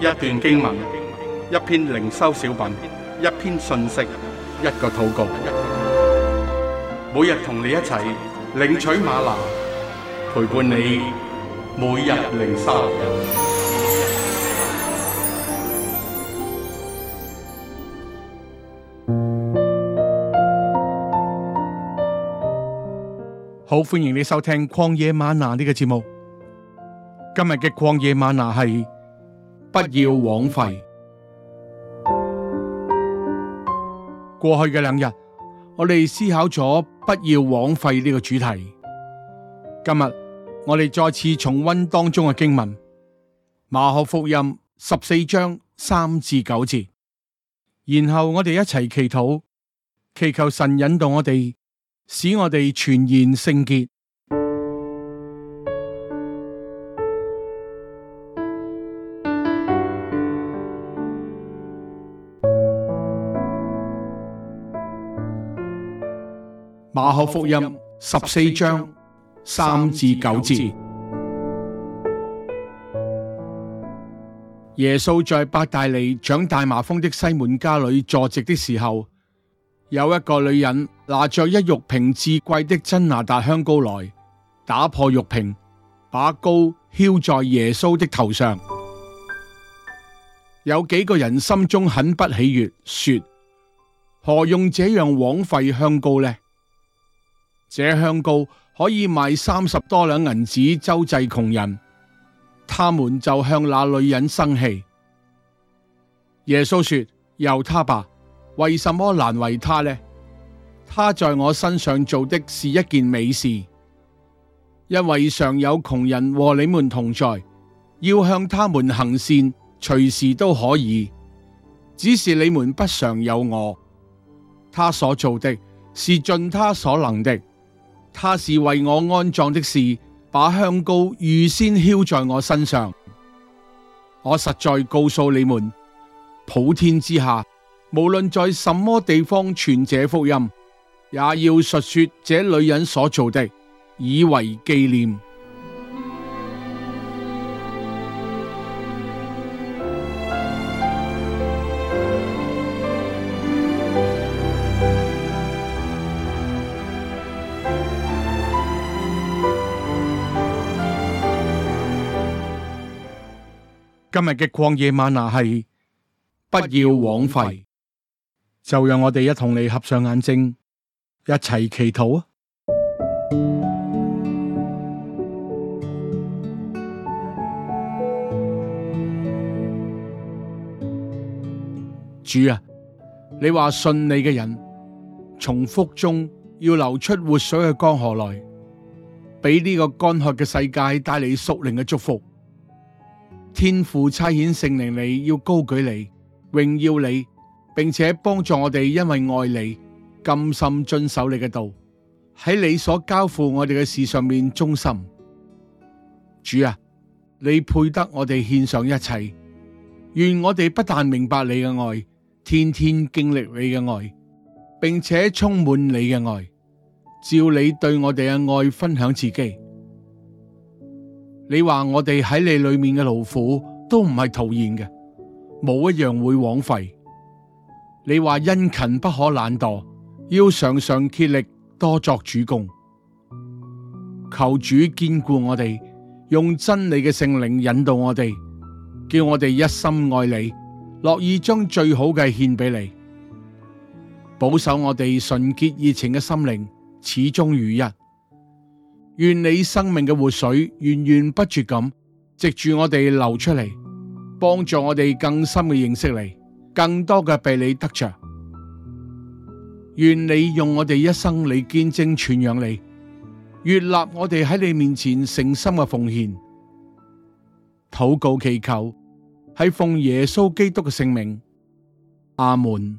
一段經文，一篇靈修小品，一篇信息，一個禱告。每日同你一齊領取嗎哪，陪伴你每日靈修。好，歡迎你收聽曠野嗎哪呢個節目。今日嘅曠野嗎哪係。不要枉費。過去嘅兩日，我哋思考咗不要枉費呢個主題。今日我哋再次重溫當中嘅經文，《馬可福音》十四章三至九節。然後我哋一齊祈禱，祈求神引導我哋，使我哋全然聖潔。馬可福音十四章三至九節，耶穌在伯大尼長大麻風的西門家裏坐席的時候，有一個女人拿着一玉瓶至貴的真哪噠香膏來，打破玉瓶，把膏澆在耶穌的頭上。有幾個人心中很不喜悅，說：何用這樣枉費香膏呢？這香膏可以賣三十多兩銀子，周濟窮人。他們就向那女人生氣。耶穌說：由他吧，為什麼難為他呢？他在我身上做的是一件美事，因為常有窮人和你們同在，要向他們行善，隨時都可以。只是你們不常有我。他所做的是盡他所能的。他是為我安葬的事，把香膏預先澆在我身上。我實在告訴你們，普天之下，無論在什麼地方傳這福音，也要述說這女人所做的，以為紀念。今日嘅曠野嗎哪，係不要枉費，枉就讓我哋一同你合上眼睛，一齊祈禱啊！主啊，你話信你嘅人，從腹中要流出活水嘅江河來，俾呢個乾涸嘅世界帶嚟屬靈嘅祝福。天父差遣聖靈你，要高舉你，榮耀你，並且幫助我哋，因為愛你，甘心遵守你嘅道，喺你所交付我哋嘅事上面忠心。主啊，你配得我哋獻上一切。願我哋不但明白你嘅愛，天天經歷你嘅愛，並且充滿你嘅愛，照你對我哋嘅愛，分享自己。你話我哋喺你裏面嘅勞苦都唔係徒然嘅，冇一樣會枉費。你話殷勤不可懶惰，要常常竭力多作主工。求主眷顧我哋，用真理嘅聖靈引導我哋，叫我哋一心愛你，樂意將最好嘅獻俾你，保守我哋純潔熱情嘅心靈，始終如一。願你生命嘅活水源源不絕咁，藉住我哋流出嚟，幫助我哋更深嘅認識你，更多嘅被你得着。願你用我哋一生，你見證傳揚你，悅納我哋喺你面前誠心嘅奉獻。禱告祈求，係奉耶穌基督嘅聖名，阿門。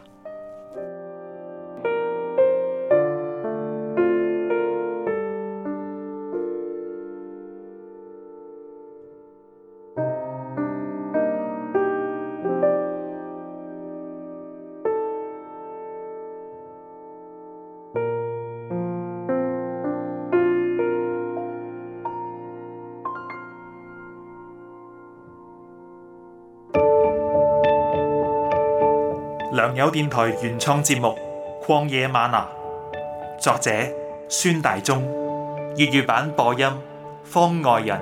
良友電台原創節目《曠野嗎哪》，作者：孫大中，粵語版播音：方外人，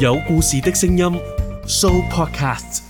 有故事的聲音，Show Podcast。